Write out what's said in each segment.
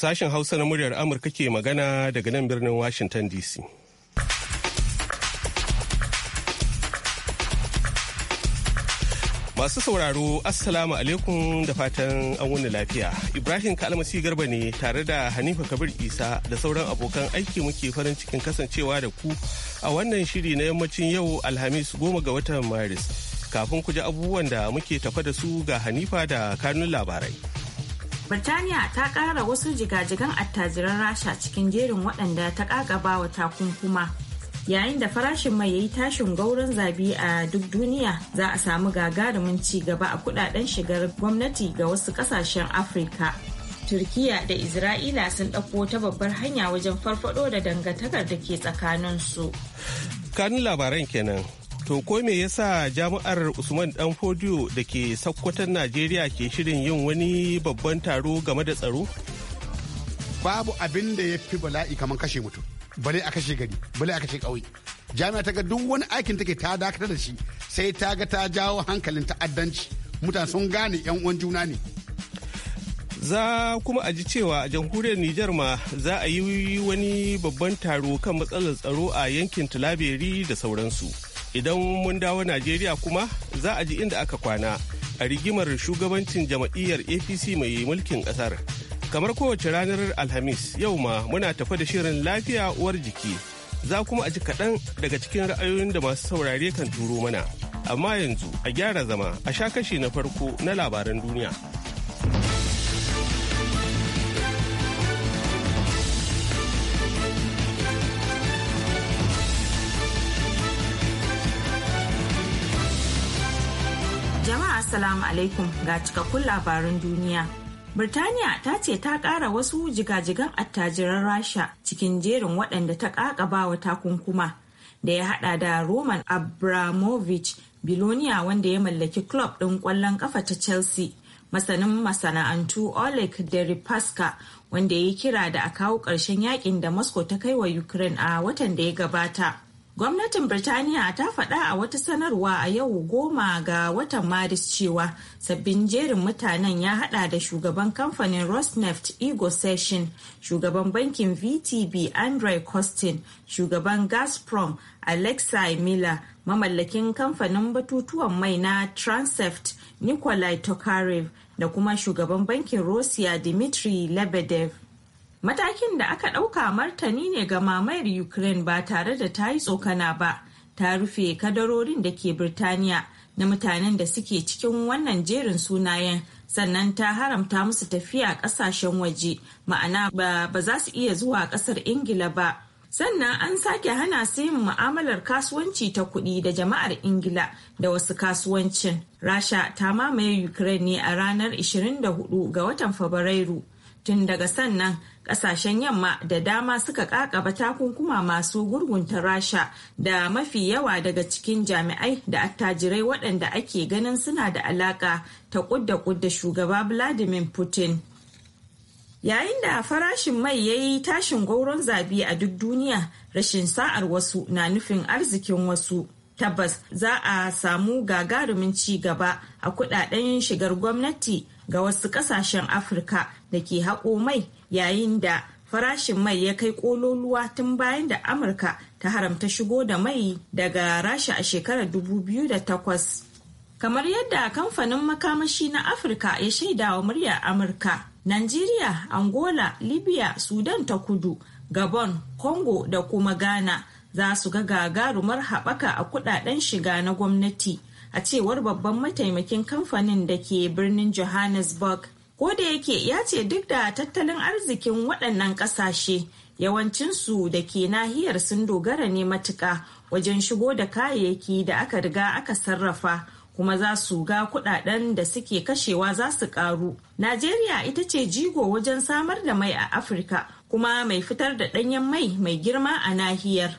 Sashen Hausa na muryar Amurka ke magana daga nan birnin Washington DC. Masu sauraro, Assalamu alaikum da fatan an wuni lafiya. Ibrahim Kalmasi Garba ne tare da Hanifa Kabir Isa da sauran abokan aiki muke farin cikin kasancewa da ku a wannan shiri na yammacin yau Alhamis goma ga watan Maris. Kafin ku ji abubuwan da muke tafa da su ga Hanifa da kanun labarai. Birtaniya ta ƙara wasu jigajigan attajiran Rasha cikin jerin waɗanda ta ƙaƙaba wa takunkuma. Yayin da farashin mai yayi tashin gauran zabi a duk duniya za a samu gagarumin ci gaba a kudaden shigar gwamnati ga wasu ƙasashen Afirka. Turkiya da Isra'ila sun ɗauko ta babbar hanya wajen farfado da dangantakar da ke tsakaninsu. Kanin labaran kenan To ko me yasa jami'ar Usman Dan Fodiyo da ke sakkwatan Najeriya ke shirin yin wani babban taro game da tsaro? Babu abin da ya fi bala'i kamar kashe mutum, bale a kashe gari, bale a kashe ƙauye. Jami'a ta ga duk wani aikin take ta dakatar da shi sai ta ga ta jawo hankalin ta'addanci. Mutane sun gane 'yan uwan juna ne. za kuma a ji cewa a jamhuriyar Nijar ma za a yi wani babban taro kan matsalar tsaro a yankin Tulaberi da sauransu. idan mun dawo najeriya kuma za a ji inda aka kwana a rigimar shugabancin jam'iyyar apc mai mulkin kasar kamar kowace ranar alhamis yau ma muna tafa da shirin lafiya uwar jiki za kuma a ji kaɗan daga cikin ra'ayoyin da masu saurare kan turo mana amma yanzu a gyara zama a sha kashi na farko na labaran duniya. Assalamu alaikum ga cikakkun labarin duniya. Birtaniya ta ce ta ƙara wasu jigajigan attajiran Rasha cikin jerin waɗanda ta ƙaƙabawa takunkuma da ya haɗa da Roman Abramovich Bilonia wanda ya mallaki club ɗin ƙwallon ƙafa ta Chelsea. Masanin masana'antu Oleg Deripaska wanda ya kira da a kawo ƙarshen yakin da Moscow ta kai wa Ukraine a watan da ya gabata. Gwamnatin Birtaniya ta faɗa a wata sanarwa a yau goma ga watan Maris cewa sabbin jerin mutanen ya haɗa da shugaban kamfanin Rosneft Ego Session, shugaban bankin VTB Andrei Kostin, shugaban Gazprom Alexei Miller, mamallakin kamfanin batutuwan mai na Transeft Nikolai Tokarev da kuma shugaban bankin Russia Dmitry Lebedev. matakin da aka ɗauka martani ne ga mamayar ukraine ba tare da ta yi tsokana ba ta rufe kadarorin da ke birtaniya na mutanen da suke cikin wannan jerin sunayen sannan ta haramta musu tafiya ƙasashen waje ma'ana ba za su iya zuwa ƙasar ingila ba sannan an sake hana su yin mu'amalar kasuwanci ta kuɗi da jama'ar ingila da wasu kasuwancin rasha ta mamaye ukraine ne a ranar 24 ga watan fabrairu tun daga sannan kasashen yamma da dama suka kakaba takunkuma masu gurgunta rasha da mafi yawa daga cikin jami'ai da attajirai waɗanda ake ganin suna da alaka ta kudda kudda shugaba vladimir putin yayin da farashin mai ya yi tashin gauron zabi a duk duniya rashin sa'ar wasu na nufin arzikin wasu tabbas za a samu gagarumin ci gaba a kudaden shigar gwamnati ga wasu kasashen afirka da ke haƙo mai yayin da farashin mai ya kai ƙololuwa tun bayan da amurka ta haramta shigo da mai daga rasha a shekarar 2008 kamar yadda kamfanin makamashi na afirka ya shaida wa muryar amurka Najeriya, angola libya sudan ta kudu gabon congo da kuma ghana za su ga gagarumar haɓaka a kudaden shiga na gwamnati a cewar babban mataimakin kamfanin da ke birnin johannesburg ko da yake ya ce duk da tattalin arzikin waɗannan ƙasashe yawancinsu da ke nahiyar sun dogara ne matuƙa wajen shigo da kayayyaki da aka riga aka sarrafa kuma za su ga kudaden da suke kashewa za su karu. Najeriya ita ce jigo wajen samar da mai a Afirka kuma mai fitar da ɗanyen mai mai girma a nahiyar.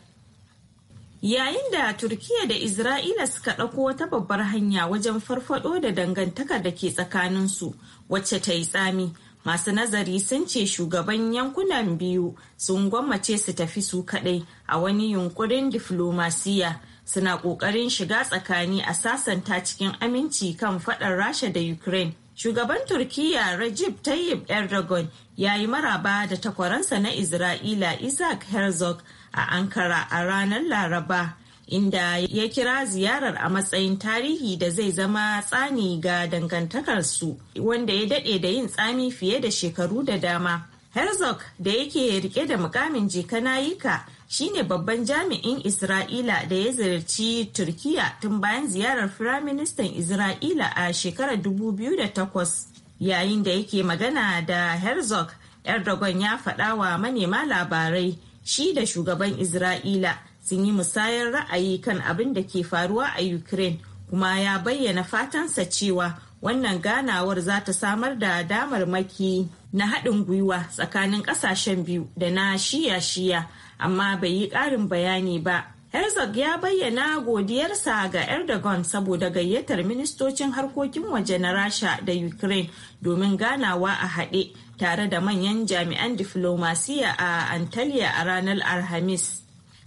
yayin da turkiyya da isra'ila suka ɗauko wata babbar hanya wajen farfado da dangantakar da ke tsakaninsu wacce ta yi tsami masu nazari sun ce shugaban yankunan biyu sun gwammace su tafi su kaɗai a wani yunkurin diflomasiya suna ƙoƙarin shiga tsakani a sasanta cikin aminci kan faɗar rasha da ukraine shugaban turkiyya Recep tayyip erdogan ya yi maraba da takwaransa na isra'ila isaac herzog a Ankara a ranar Laraba inda ya kira ziyarar a matsayin tarihi da zai zama tsani ga dangantakarsu wanda ya daɗe da yin tsami fiye da shekaru da dama. Herzog da yake rike da mukamin jikanayika shine babban jami'in Isra'ila da ya ziyarci Turkiya tun bayan ziyarar Firaministan Isra'ila a shekarar 2008 yayin da yake magana da Herzog Erdogan ya faɗa wa manema labarai shi da shugaban Isra'ila sun yi musayar ra'ayi kan abin da ke faruwa a Ukraine kuma ya bayyana fatansa cewa wannan ganawar za ta samar da damar maki. na haɗin gwiwa tsakanin ƙasashen biyu da na shiya-shiya amma bai yi ƙarin bayani ba. Herzog ya bayyana godiyarsa ga Erdogan saboda gayyatar ministocin harkokin waje na Rasha da Ukraine domin ganawa a haɗe tare da manyan jami'an diflomasiya a Antalya a ranar Alhamis.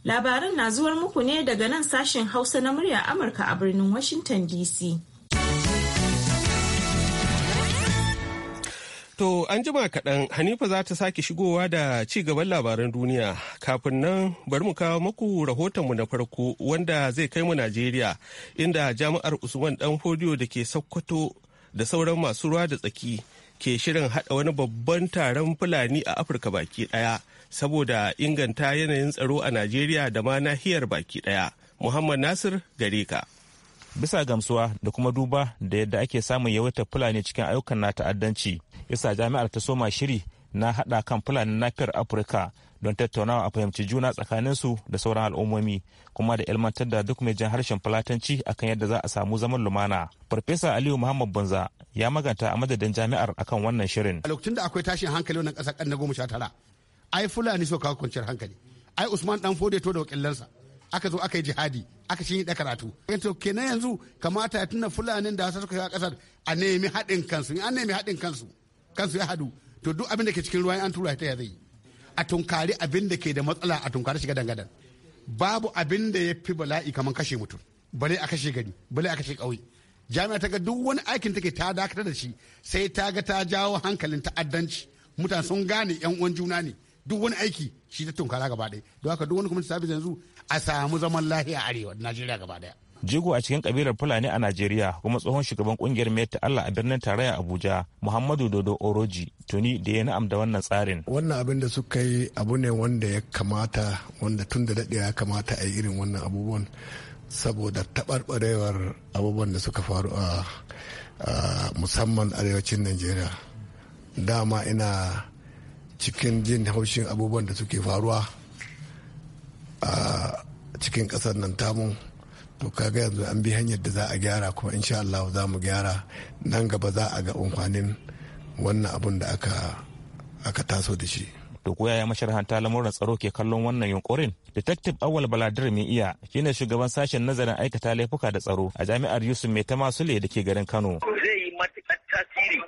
Labaran na zuwar muku ne daga nan sashen Hausa na murya Amurka a birnin Washington DC. To an jima kaɗan Hanifa za ta sake shigowa da ci gaban labaran duniya kafin nan bari mu kawo muku rahotonmu na farko wanda zai kai mu Najeriya inda jami'ar Usman ɗan Fodiyo da ke Sokoto da sauran masu ruwa da tsaki ke shirin haɗa wani babban taron fulani a afirka baki ɗaya saboda inganta yanayin tsaro a najeriya da ma nahiyar baki ɗaya muhammad nasir gare ka bisa gamsuwa da kuma duba da yadda ake samun yawaitar fulani cikin ayyukan na ta'addanci yasa jami'ar ta soma shiri na haɗa kan fulani nafiyar afirka don tattaunawa a fahimci juna tsakanin su da sauran al'ummomi kuma da ilmantar da duk mai jan harshen fulatanci akan yadda za a samu zaman lumana farfesa aliyu muhammad bunza ya maganta a madadin jami'ar akan wannan shirin a lokacin da akwai tashin hankali wannan ƙasa kan na goma sha tara ai fulani so kawo kwanciyar hankali ai usman dan fode to da wakilansa aka zo aka yi jihadi aka shi da karatu to kenan yanzu kamata ya tuna fulanin da suka yi a kasar a nemi haɗin kansu an nemi haɗin kansu kansu ya haɗu to duk abin da ke cikin ruwa an tura ta ya zai a tunkari abin da ke da matsala a tunkari shiga dangadan babu abin da ya fi bala'i kamar kashe mutum bale a kashe gari bale a kashe ƙauye jami'a ta ga duk wani aikin take ta dakatar da shi sai ta ga ta jawo hankalin ta'addanci mutane sun gane yan uwan juna ne duk wani aiki shi ta tunkara gaba ɗaya don haka duk wani kuma ta yanzu a samu zaman lahiya arewa najeriya gaba ɗaya jigo a cikin kabilar fulani a najeriya kuma tsohon shugaban kungiyar meta allah a birnin tarayya abuja muhammadu dodo oroji tuni da ya na'am da wannan tsarin wannan abin da suka yi abu ne wanda ya kamata wanda tun da daɗe ya kamata a yi irin wannan abubuwan saboda taɓarɓarewar abubuwan da suka faru a musamman arewacin najeriya dama ina cikin jin haushin abubuwan da suke faruwa a cikin ƙasar nan tamu to kaga yanzu an bi hanyar da za a gyara kuma insha Allah za mu gyara nan gaba za a ga amfanin wannan abun da aka aka taso da shi to ko yaya masharhanta lamuran tsaro ke kallon wannan yunkurin detective awal baladir mai iya shine shugaban sashen nazarin aikata laifuka da tsaro a jami'ar yusuf mai ta masule da ke garin kano zai yi matuƙar tasiri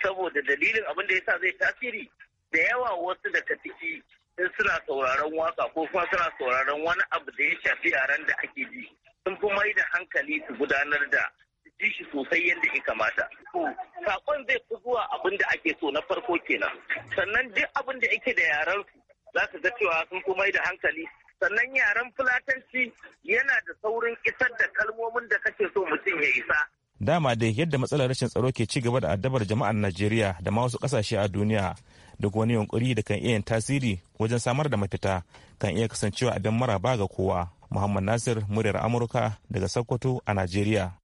saboda dalilin abin da yasa zai tasiri da yawa wasu daga ciki in suna sauraron waka ko kuma suna sauraron wani abu da ya shafi yaren da ake ji sun fi mai da hankali su gudanar da ji shi sosai yadda ya kamata. Sakon zai fi zuwa abin da ake so na farko kenan. Sannan duk abin da ake da yaran su za su ga cewa sun fi mai da hankali. Sannan yaren fulatanci yana da saurin isar da kalmomin da kake so mutum ya isa. Dama dai yadda matsalar rashin tsaro ke ci gaba da addabar jama'ar Najeriya da ma wasu ƙasashe a duniya duk wani yunkuri da kan iya yin tasiri wajen samar da mafita kan iya kasancewa abin ba ga kowa Muhammad Nasir muryar Amurka daga Sokoto a Najeriya.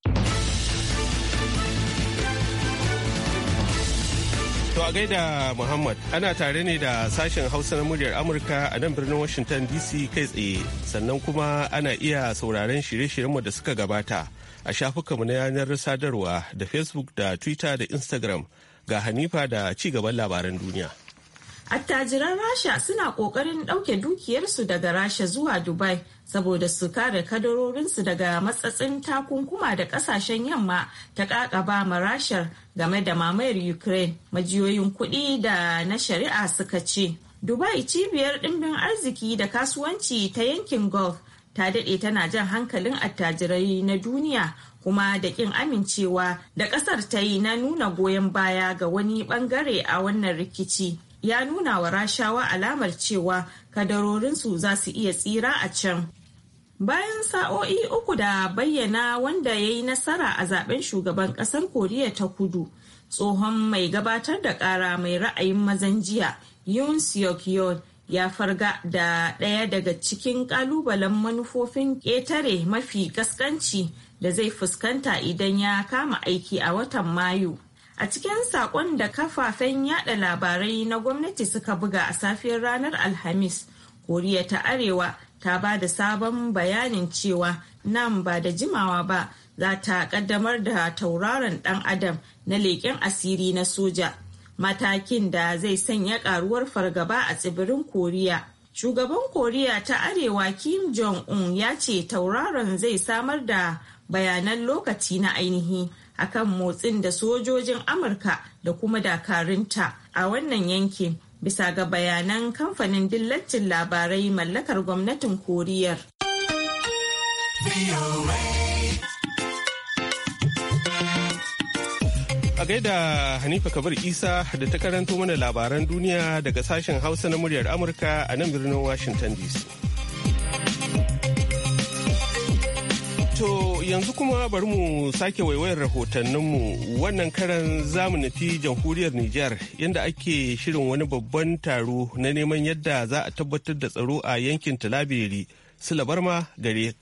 To a gaida Muhammad ana tare ne da sashen Hausa na muryar Amurka a nan birnin Washington DC kai tsaye sannan kuma ana iya sauraron shirye-shiryenmu da suka gabata a mu na yanar sadarwa da Facebook da Twitter da Instagram ga Hanifa da ci gaban labaran duniya. attajiran rasha suna ƙoƙarin ɗauke dukiyarsu daga rasha zuwa dubai saboda su kare kadarorinsu daga matsatsin takunkuma da ƙasashen yamma ta ƙaƙaba ma rashar game da mamayar ukraine majiyoyin kuɗi da na shari'a suka ce dubai cibiyar ɗimbin arziki da kasuwanci ta yankin gulf ta daɗe tana jan hankalin attajirai na duniya kuma da ƙin amincewa da ƙasar ta yi na nuna goyon baya ga wani ɓangare a wannan rikici ya nuna wa rashawa alamar cewa kadarorinsu za su iya tsira a can bayan sa'o'i uku da bayyana wanda ya yi nasara a zaben shugaban kasar koriya ta kudu tsohon mai gabatar da kara mai ra'ayin mazan jiya yun seok yeol ya farga da ɗaya daga cikin ƙalubalen manufofin ƙetare mafi kaskanci da zai fuskanta idan ya kama aiki a watan mayu A cikin saƙon da kafafen yada labarai na gwamnati suka buga a safiyar ranar Alhamis, Koriya ta Arewa ta ba da sabon bayanin cewa nan ba da jimawa ba za ta kaddamar da tauraron ɗan adam na leƙen asiri na soja. Matakin da zai sanya ƙaruwar fargaba a tsibirin Koriya. Shugaban Koriya ta Arewa Kim Jong-un ya ce tauraron zai samar da bayanan lokaci na ainihi. akan motsin da sojojin amurka da kuma dakarunta a wannan yankin bisa ga bayanan kamfanin dillacin labarai mallakar gwamnatin koriyar a gaida hanifa kabir isa da ta karanto mana labaran duniya daga sashen hausa na muryar amurka a nan birnin washington dc yanzu kuma bari mu sake waiwayar rahotanninmu wannan karan zamu nufi jamhuriyar Nijar yadda ake shirin wani babban taro na neman yadda za a tabbatar da tsaro a yankin Tilaberi. Silabarma gare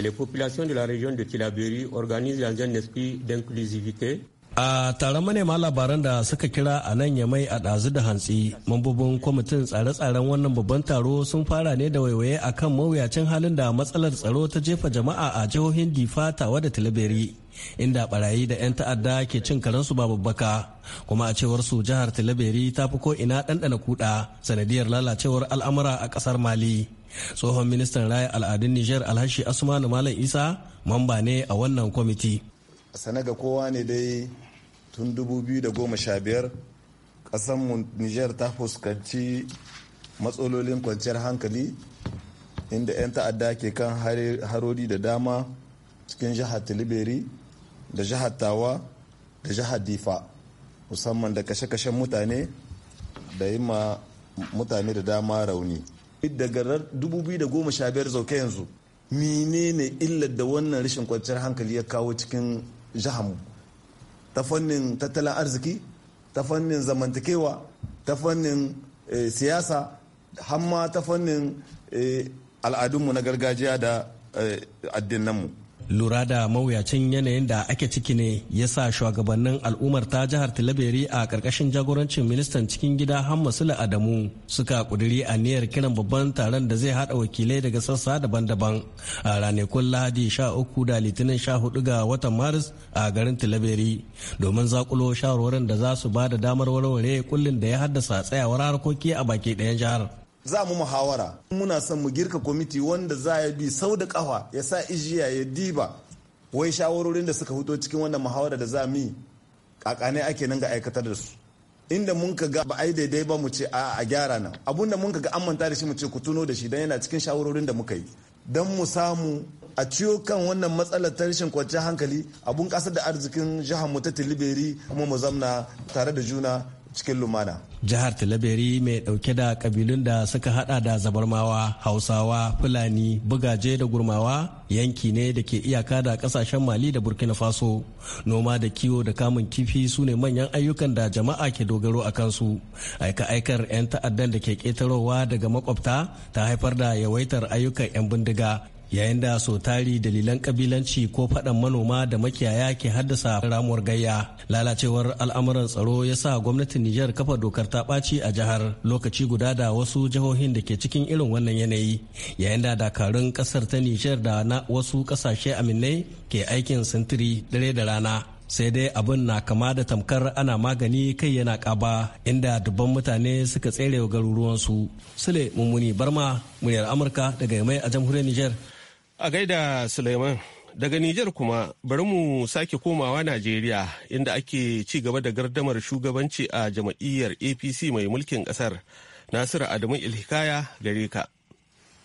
la population de la région de Tilaberi organise la jeunesse d'inclusivité a taron manema labaran da suka kira a nan ya mai a ɗazu da hantsi mambobin kwamitin tsare-tsaren wannan babban taro sun fara ne da waiwaye kan mawuyacin halin da matsalar tsaro ta jefa jama'a a jihohin difa tawa da tilaberi inda barayi da 'yan ta'adda ke cin karensu ba babbaka kuma a cewar su jihar tilaberi ta fi ko ina ɗanɗana kuɗa sanadiyar lalacewar al'amura a ƙasar mali tsohon ministan raya al'adun nijar alhashi asmanu malam isa mamba ne a wannan kwamiti sane ga kowa ne dai tun 2015 ƙasanmu niger ta fuskanci matsalolin kwanciyar hankali inda 'yan ta'adda ke kan harori da dama cikin jihar tilibiri da jihar tawa da jihar difa musamman da kashe-kashen mutane da yi ma mutane da dama rauni daga 2015 zauke yanzu menene illar da wannan rashin kwanciyar hankali ya kawo cikin jihanmu ta fannin tattalin arziki ta fannin zamantakewa ta fannin eh, siyasa hamma ta fannin eh, al'adunmu na gargajiya da eh, addinanmu lura da mawuyacin yanayin da ake ciki ne ya sa shugabannin al'ummar ta jihar tilaberi a ƙarƙashin jagorancin ministan cikin gida hammasula adamu suka a niyyar kiran babban taron da zai haɗa wakilai daga sassa daban-daban a ranakun lahadi sha uku da litinin sha hudu ga watan maris a garin tilaberi domin zakulo shawarwarin da za su ba da damar warware kullum da ya haddasa tsayawar harkoki a baki ɗayan jihar za mu muhawara muna son mu girka kwamiti wanda za ya bi sau da kafa ya sa ijiya ya diba wai shawarorin da suka fito cikin wannan muhawara da za mu yi kakane ake nan ga aikatar da su inda mun ka ga ba ai daidai ba mu ce a a gyara nan abun da mun ka ga an manta da shi mu ce ku tuno da shi dan yana cikin shawarorin da muka yi dan mu samu a ciyo kan wannan matsalar ta rashin kwanciyar hankali abun kasar da arzikin jihar mu ta tiliberi kuma mu zamna tare da juna cikin lumana. Jihar Talabiri mai dauke da kabilun da suka hada da zabarmawa, hausawa, fulani, bugaje da gurmawa yanki ne da ke iyaka da kasashen Mali da Burkina Faso. Noma da kiwo da kamun kifi su ne manyan ayyukan da jama'a ke dogaro a kansu. Aika-aikar 'yan ta'addan da ke ketarowa daga makwabta ta haifar da yawaitar ayyukan 'yan bindiga yayin da so tari dalilan kabilanci ko faɗan manoma da makiyaya ke haddasa ramuwar gayya lalacewar al'amuran tsaro ya sa gwamnatin nijar kafa dokar ta ɓaci a jihar lokaci guda da wasu jihohin da ke cikin irin wannan yanayi yayin da dakarun ƙasar ta nijar da na wasu ƙasashe aminai ke aikin sintiri dare da rana sai dai abin na kama da tamkar ana magani kai yana ƙaba inda dubban mutane suka tsere garuruwansu sule mummuni barma muryar amurka daga mai a jamhuriyar nijar A gaida Suleiman, daga Nijar kuma bari mu sake komawa Najeriya inda ake ci gaba da gardamar shugabanci a jam'iyyar APC mai mulkin kasar Nasiru Adamu Ilhikaya gare ka.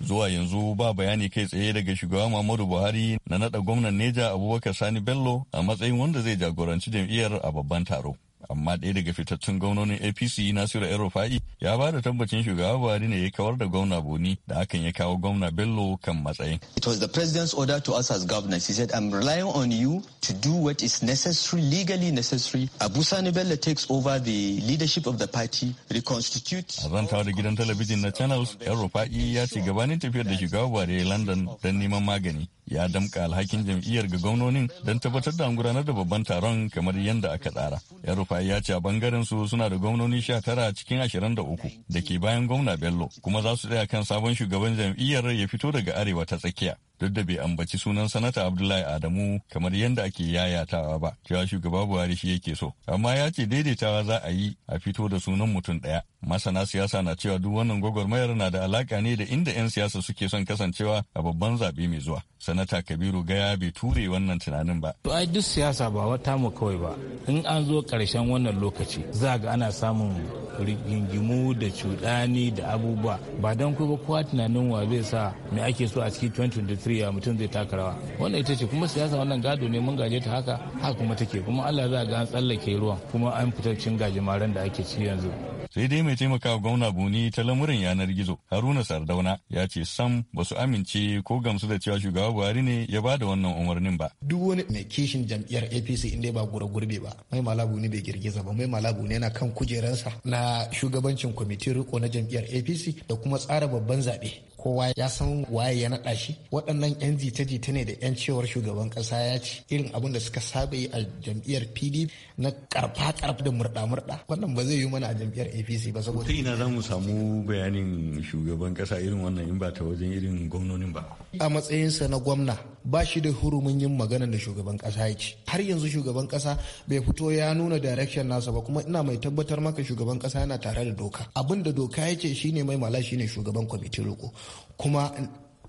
zuwa yanzu ba bayani kai tsaye daga shugaba Muhammadu Buhari na nada gwamnan Neja Abubakar Sani Bello a matsayin wanda zai jagoranci jam'iyyar a babban taro. amma ɗaya daga fitattun gwamnonin apc nasiru yan rufa'i ya ba da tabbacin shugaba buhari ne ya kawar da gwamna boni da hakan ya kawo gwamna bello kan matsayin it was the president's order to us as governors he said i'm relying on you to do what is necessary legally necessary abu sani bello takes over the leadership of the party reconstitute a zantawa da gidan talabijin na channels yan rufa'i ya ci gabanin tafiyar da shugaba buhari london don neman magani ya damƙa alhakin jam'iyyar ga gwamnonin don tabbatar da an gudanar da babban taron kamar yadda aka tsara. Yan Rufai ya ce a bangaren su suna da gwamnoni sha tara cikin ashirin da uku da ke bayan gwamna Bello kuma za su tsaya kan sabon shugaban jam'iyyar ya fito daga arewa ta tsakiya. duk da bai ambaci sunan sanata abdullahi adamu kamar yadda ake yayatawa ba cewa shugaba buhari shi yake so amma ya ce daidaitawa za a yi a fito da sunan mutum daya masana siyasa na cewa duk wannan gwagwarmayar na da alaka ne da inda 'yan siyasa suke son kasancewa a babban zaɓe mai zuwa sanata kabiru gaya bai ture wannan tunanin ba to ai duk siyasa ba wata mu kawai ba in an zo karshen wannan lokaci za ga ana samun rigingimu da cuɗani da abubuwa ba don kuma kowa tunanin wa zai sa me ake so a cikin 2023 shirya mutum zai taka rawa wannan ita ce kuma siyasa wannan gado ne mun gaje ta haka haka kuma take kuma Allah za ga an tsallake ruwan kuma an fitar cin gajimaren da ake ci yanzu sai dai mai taimaka gwamna buni ta lamurin yanar gizo haruna sardauna ya ce sam ba su amince ko gamsu da cewa shugaba buhari ne ya ba da wannan umarnin ba duk wani mai kishin jam'iyyar apc inda ba gura gurbe ba mai malabu ne bai girgiza ba mai malabu ne yana kan kujeransa na shugabancin kwamitin riko na jam'iyyar apc da kuma tsara babban zaɓe kowa ya san waye ya naɗa shi waɗannan 'yan jita-jita ne da 'yan cewar shugaban ƙasa ya ci irin abin da suka saba yi a jam'iyyar pdp na karfa-karfa da murɗa-murɗa wannan ba zai yi mana a jam'iyyar apc ba saboda ta ina za mu samu bayanin shugaban ƙasa irin wannan in ba ta wajen irin gwamnonin ba a matsayinsa na gwamna ba shi da hurumin yin magana da shugaban ƙasa ya ci har yanzu shugaban ƙasa bai fito ya nuna direction nasa ba kuma ina mai tabbatar maka shugaban ƙasa yana tare da doka abin da doka ya ce shine mai mala shine shugaban kwamitin roko kuma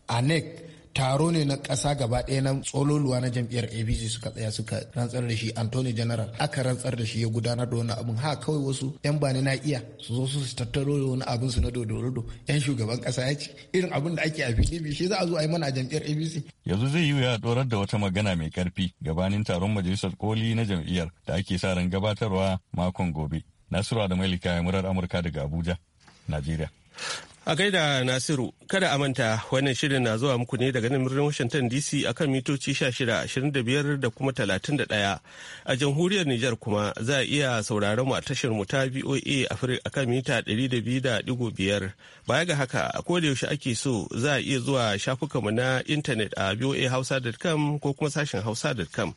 anec taro ne na ƙasa gaba ɗaya na tsololuwa na jam'iyyar abc suka tsaya suka rantsar da shi antony general aka rantsar da shi ya gudanar da wani abin ha kawai wasu yan bani na iya su zo su tattaro da wani abin su na dodorodo yan shugaban kasa ya ce irin abin da ake a bi shi za a zo a yi mana a jam'iyyar abc yanzu zai yi wuya dorar da wata magana mai karfi gabanin taron majalisar koli na jam'iyyar da ake sa ran gabatarwa makon gobe nasiru da malika murar amurka daga abuja najeriya A gaida Nasiru, kada a manta wannan shirin na zuwa muku ne daga nan birnin Washington DC akan mitoci 16-25 da kuma 31. A jamhuriyar Nijar kuma za a iya sauraron mu a tashar mu ta VOA Africa akan mita 200.5. Baya ga haka, a koda yaushe ake so za a iya zuwa shafukanmu na intanet a voahausa.com ko kuma sashen hausa.com.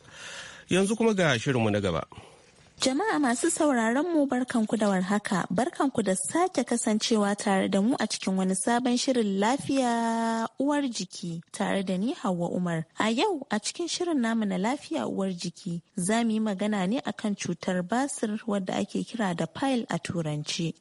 Yanzu kuma ga shirinmu na gaba. Jama'a masu sauraron mu barkanku da warhaka, barkanku da sake kasancewa tare da mu a cikin wani sabon shirin lafiya uwar jiki tare da ni Hauwa Umar. A yau a cikin shirin namu na lafiya uwar jiki za mu yi magana ne akan cutar basir wadda ake kira da pile a turanci.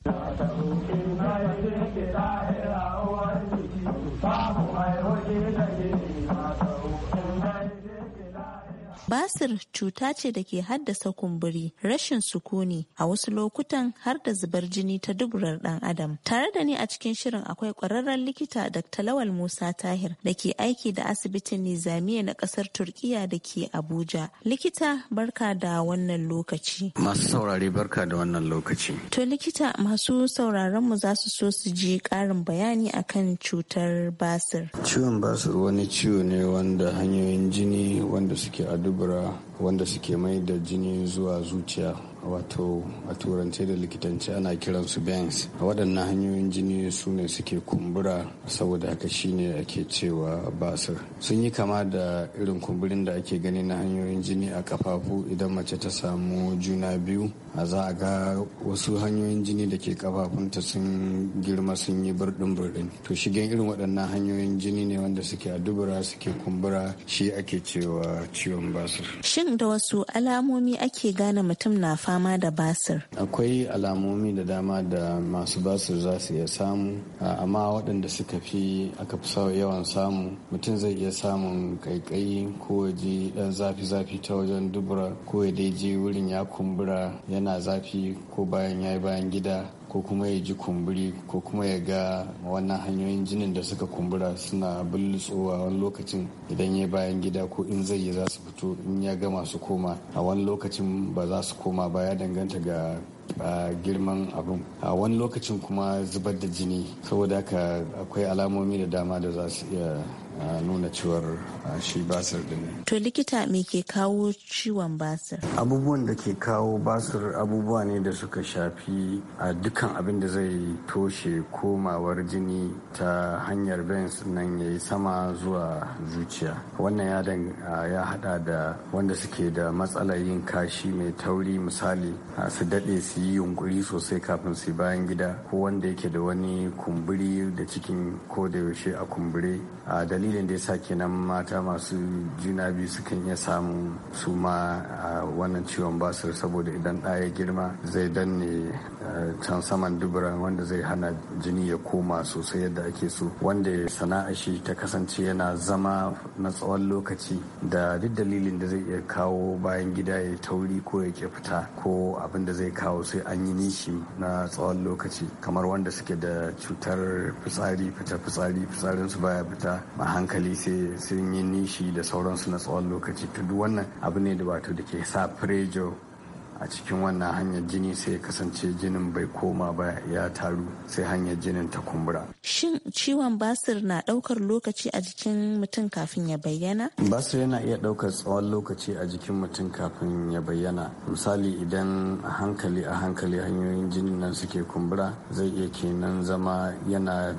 basir cuta ce da ke haddasa kumburi rashin sukuni a wasu lokutan har da zubar jini ta duburar dan adam tare da ni a cikin shirin akwai kwararren likita dr lawal musa tahir da ke aiki da asibitin nizamiya na kasar turkiya da ke abuja likita barka da wannan lokaci masu saurare barka da wannan lokaci to likita masu sauraron mu za su so su ji karin bayani akan cutar basir ciwon basir wani ciwo ne wanda hanyoyin jini wanda suke a duba lebura wanda suke mai da jini zuwa zuciya wato a turance da likitanci ana kiransu bens waɗannan hanyoyin jini su ne suke kumbura saboda haka shine ake cewa basir sun yi kama da irin kumburin da ake gani na hanyoyin jini a kafafu idan mace ta samu juna biyu a za a ga wasu hanyoyin jini da ke kafafunta sun girma sun yi birɗin-birɗin, to shigen irin waɗannan hanyoyin jini ne wanda suke a dubura suke kumbura shi ake cewa ciwon basir shin da wasu alamomi ake gane mutum na fama da basir akwai alamomi da dama da masu basir za su iya samu amma waɗanda suka fi aka fi yawan samu mutum zai iya samun kaikayi ko ji dan zafi-zafi ta wajen dubura ko ya daiji wurin ya kumbura yana zafi ko bayan ya yi bayan gida ko kuma ya ji kumburi ko kuma ya ga wannan hanyoyin jinin da suka kumbura suna bullutsowa wani lokacin idan ya bayan gida ko in zai yi za su fito in ya ga masu koma a wani lokacin ba za su koma ba ya danganta ga a girman abin a wani lokacin kuma zubar da jini saboda haka akwai alamomi da dama da za su iya nuna cewar shi basir din. To likita me ke kawo ciwon basir? Abubuwan da ke kawo basir abubuwa ne da suka shafi a dukkan abin da zai toshe komawar jini ta hanyar bens nan ya yi sama zuwa zuciya. Wannan ya ya hada da wanda suke da matsalar yin kashi mai tauri misali su dade su yi yunkuri sosai kafin su bayan gida ko wanda yake da wani kumburi da cikin ko da yaushe a kumbure a dalilin da ya sa kenan mata masu juna biyu sukan iya samun su ma a wannan ciwon basir saboda idan ɗa ya girma zai danne can saman dubura wanda zai hana jini ya koma sosai yadda ake so wanda sana'a shi ta kasance yana zama na tsawon lokaci da duk dalilin da zai iya kawo bayan gida ya tauri ko ya ke fita ko abin da zai kawo sai an yi nishi na tsawon lokaci kamar wanda suke da cutar fitsari fita fitsari fitsarinsu baya fita hankali sai sun yi nishi da sauransu na tsawon lokaci tudu wannan abu ne da wato da ke sa frejo a cikin wannan hanyar jini sai kasance jinin bai koma ba ya taru sai hanyar jinin ta kumbura. Shin ciwon basir na ɗaukar lokaci a jikin mutum kafin ya bayyana? Basir yana iya ɗaukar tsawon lokaci a jikin mutum kafin ya bayyana. Misali idan a hankali a hankali hanyoyin jinin nan suke kumbura zai iya kenan zama yana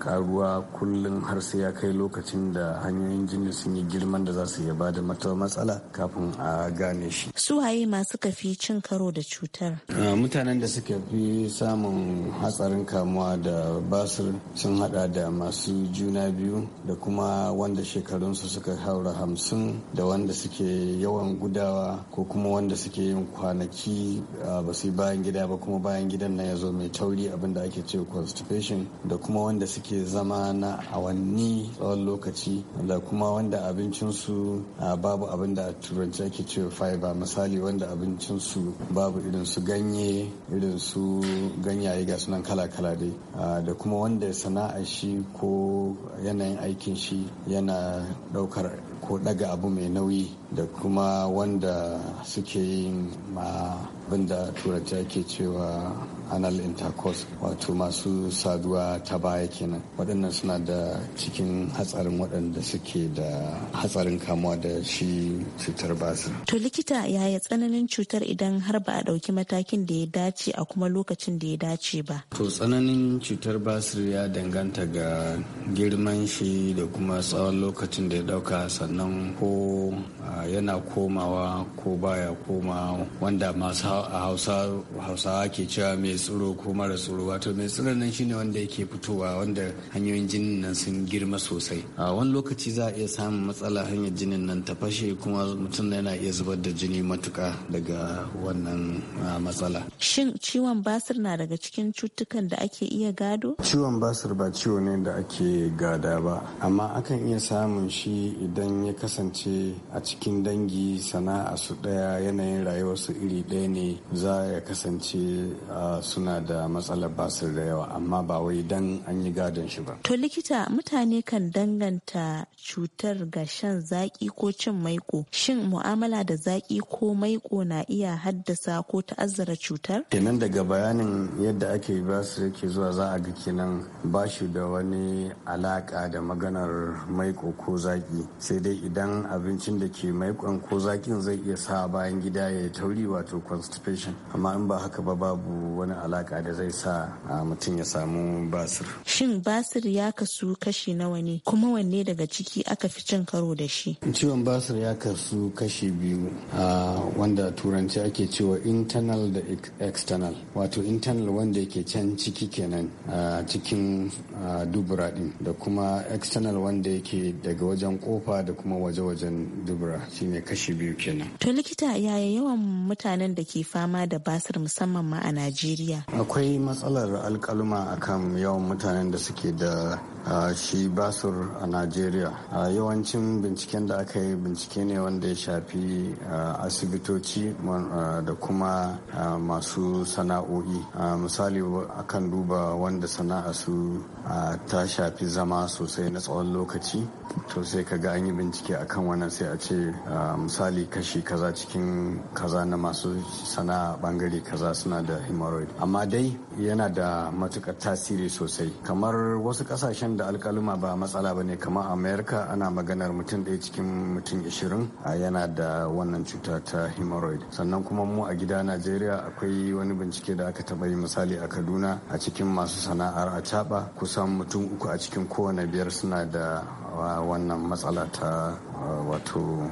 karuwa kullum har sai ya kai lokacin da hanyoyin jini sun yi girman da za su iya bada mata matsala kafin a gane shi. Suwaye masu kafi cin karo da cutar. Ah, mutanen da suka fi samun hatsarin kamuwa da basir sun hada da masu juna biyu da kuma wanda shekarunsu suka haura hamsin da wanda suke yawan gudawa ko kuma wanda suke yin kwanaki ah, ba su bayan gida ba kuma bayan gidan na ya zo mai tauri abinda ake ce constipation da kuma wanda suke zama na awanni tsawon lokaci da kuma wanda abincinsu ah, babu abinda a turanci ake ce fiber misali wanda abincin su babu irin su ganye irin su ganyaye ga sunan kala-kala dai ah, da kuma wanda sana'a shi ko yanayin aikin shi yana daukar ko daga abu mai nauyi da kuma wanda suke yin ma ah, abinda turanci ake cewa anal intercourse wato masu saduwa ta baya kenan waɗannan suna da cikin hatsarin waɗanda suke da hatsarin kamuwa da shi cutar basa. To likita yaya tsananin cutar idan har ba a ɗauki matakin da ya dace a kuma lokacin da ya dace ba? To tsananin cutar basir ya danganta ga girman shi da kuma tsawon lokacin da ya ɗauka sannan ko yana komawa ko baya komawa wanda masu hausawa ke cewa mai tsiro ko mara tsoro, wato mai tsiron nan shine wanda yake fitowa wanda hanyoyin jinin nan sun girma sosai a wani lokaci za a iya samun matsala hanyar jinin nan ta fashe kuma mutum yana iya zubar da jini matuka daga wannan matsala shin ciwon basir na daga cikin cutukan da ake iya gado ciwon basir ba ciwo ne da ake gada ba amma akan iya samun shi idan ya kasance a cikin dangi sana'a su daya yanayin rayuwar su iri ɗaya ne za ya kasance suna da matsalar basir da yawa amma ba wai dan an yi gadon shi ba. To likita mutane kan danganta cutar ga shan zaƙi ko cin maiko. Shin mu'amala da zaƙi ko maiko na iya haddasa ko ta'azzara cutar? Kenan daga bayanin yadda ake basir yake zuwa za a ga kenan ba shi da wani alaƙa da maganar maiko ko zaƙi sai dai idan abincin da ke maikon ko zaƙin zai iya sa bayan gida ya tauri wato constipation amma in ba haka ba babu wani wani alaka da zai sa a ah, mutum ya samu basir. Shin basir ya kasu kashi nawa ne kuma wanne daga ciki aka fi cin karo da shi? Ciwon basir ya kasu kashi biyu ah, wanda turanci ake cewa internal da external wato internal wanda yake can ciki kenan ah, cikin dubura din da kuma external wanda yake daga wajen kofa da kuma waje-wajen dubura shine kashi biyu kenan. To likita yaya yawan mutanen da ke fama da basir musamman ma a Najeriya? jiya akwai matsalar alkaluma akan yawan mutanen da suke da shi basur a najeriya yawancin binciken da aka yi bincike ne wanda ya shafi asibitoci da kuma masu sana'o'i misali akan duba wanda sana'a su ta shafi zama sosai na tsawon lokaci to sai ka ga an yi bincike akan wannan sai a ce misali kashi kaza cikin kaza na masu sana'a bangare kaza suna da hemorrhoid amma dai yana da matukar tasiri sosai kamar wasu kasashen da alkaluma ba matsala ba ne kamar america ana maganar mutum ɗaya cikin mutum a yana da wannan cuta ta hemorrhoid sannan kuma mu a gida najeriya akwai wani bincike da aka taɓa yi misali a kaduna a cikin masu sana'ar a caɓa kusan mutum uku a cikin kowane biyar suna da wannan matsala ta wato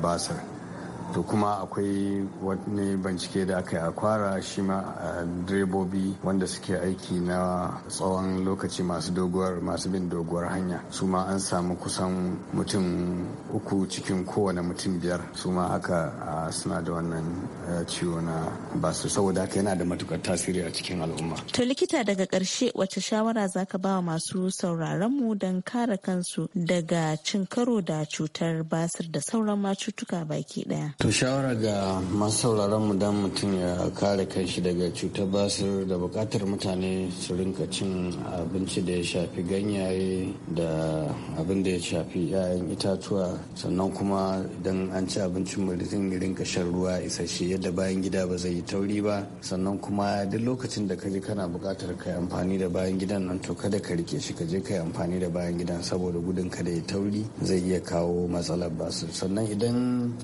basir to kuma akwai wani bincike da aka yi a kwara shi ma direbobi wanda suke aiki na tsawon lokaci masu doguwar masu bin doguwar hanya su ma an samu kusan mutum uku cikin kowane mutum biyar su ma aka suna da wannan ciwo na basu saboda haka yana da matukar tasiri a cikin al'umma to likita daga karshe wace shawara za ka ba masu sauraron mu don kare kansu daga cin karo da cutar basir da sauran ma cutuka baki ɗaya? To shawara ga masu sauraron mu dan mutum ya kare kanshi daga cutar basir da bukatar mutane su rinka cin abinci da ya shafi ganyaye da abin da ya shafi 'ya'yan itatuwa sannan kuma idan an ci abincin mutum rinka shan ruwa isasshe yadda bayan gida ba zai yi tauri ba sannan kuma duk lokacin da ka je kana bukatar kai amfani da bayan gidan nan to kada ka rike shi ka je ka amfani da bayan gidan saboda gudun kada ya tauri zai iya kawo matsalar basir sannan idan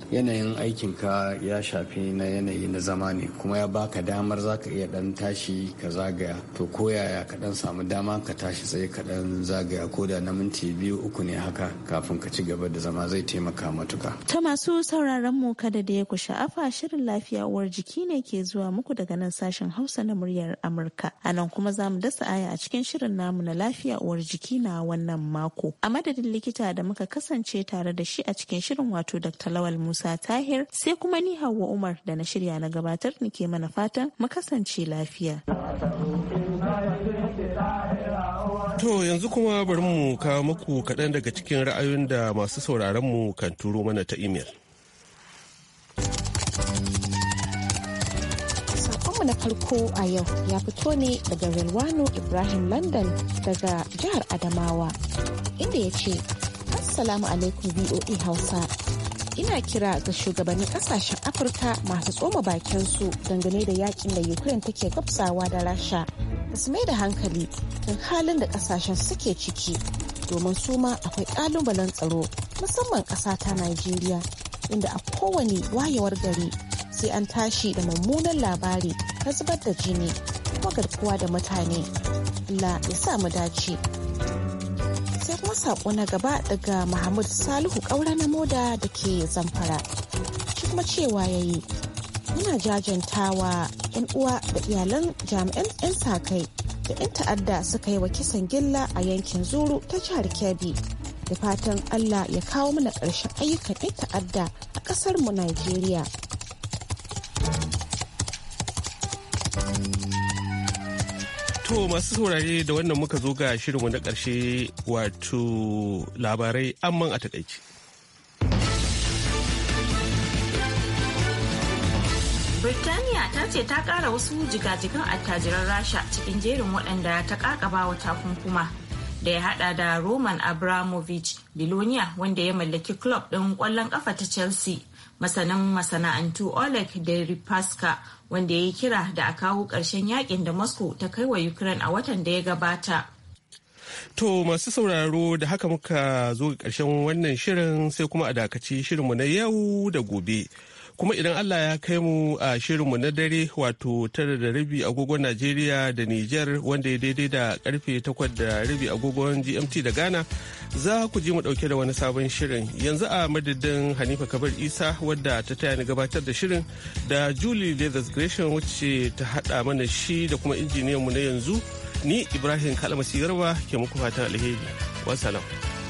yanayin aikinka ya shafi na yanayi na zama ne kuma ya baka damar za ka iya dan tashi ka zagaya to ko yaya ka dan samu dama ka tashi tsaye ka dan zagaya ko da na minti biyu uku ne haka kafin ka ci gaba da zama zai taimaka matuka. Ta masu sauraron mu kada da ya ku sha'afa shirin lafiya uwar jiki ne ke zuwa muku daga nan sashen Hausa na muryar Amurka. A nan kuma za mu dasa aya a cikin shirin namu na lafiya uwar jiki na wannan mako. A madadin likita da muka kasance tare da shi a cikin shirin wato Dr. Lawal Musa Tahir Tahir sai kuma ni Hauwa Umar da na shirya na gabatar nike mana fatan mu kasance lafiya. To yanzu kuma bari mu kawo muku kaɗan daga cikin ra'ayoyin da masu sauraron mu kan turo mana ta imel. na farko a yau ya fito ne daga Relwano Ibrahim London daga jihar Adamawa inda ya ce Assalamu alaikum voa e Hausa. ina kira ga shugabannin kasashen afirka masu tsoma bakinsu dangane da yakin da ukraine take gabsawa da rasha da su mai da hankali kan halin da kasashen suke ciki domin su ma akwai kalubalen tsaro musamman ƙasa ta najeriya inda a kowane wayewar gari sai an tashi da mummunan labari ta zubar da jini kuma garkuwa da mutane la ya sa mu dace. sai kuma sako na gaba daga Muhammad Salihu ƙaura na moda da ke zamfara. Shi kuma cewa ya yi, muna jajantawa 'yan uwa da iyalan jami'an 'yan sakai da 'yan ta'adda suka yi wa kisan gilla a yankin Zuru ta jihar Kebbi. Da fatan Allah ya kawo mana ƙarshen ayyukan 'yan ta'adda a ƙasarmu Najeriya. To masu saurare da wannan muka zo ga shirinmu na karshe wato labarai amman a takaici. Birtaniya ta ce ta ƙara wasu jigajigan attajiran Rasha cikin jerin waɗanda ta ƙaƙaba wa takunkuma da ya haɗa da Roman Abramovich Bilonia wanda ya mallaki club ɗin ƙwallon ƙafa ta Chelsea masanin masana'antu oleg deripaska wanda ya yi kira da a kawo ƙarshen yakin da moscow ta kai wa ukraine a watan da ya gabata To masu sauraro da haka muka zo ga ƙarshen wannan shirin sai kuma a dakaci shirinmu na yau da gobe. kuma idan Allah ya kai mu a shirinmu na dare wato tara da rabi agogon Najeriya da Nijar wanda ya daidai da karfe takwas da rabi agogon GMT da Ghana za ku ji mu dauke da wani sabon shirin yanzu a madadin Hanifa Kabir Isa wadda ta taya ni gabatar da shirin da Julie Leathers Gresham wacce ta hada mana shi da kuma injiniyan mu na yanzu ni Ibrahim Kalmasi Garba ke muku fatan alheri. Wassalam.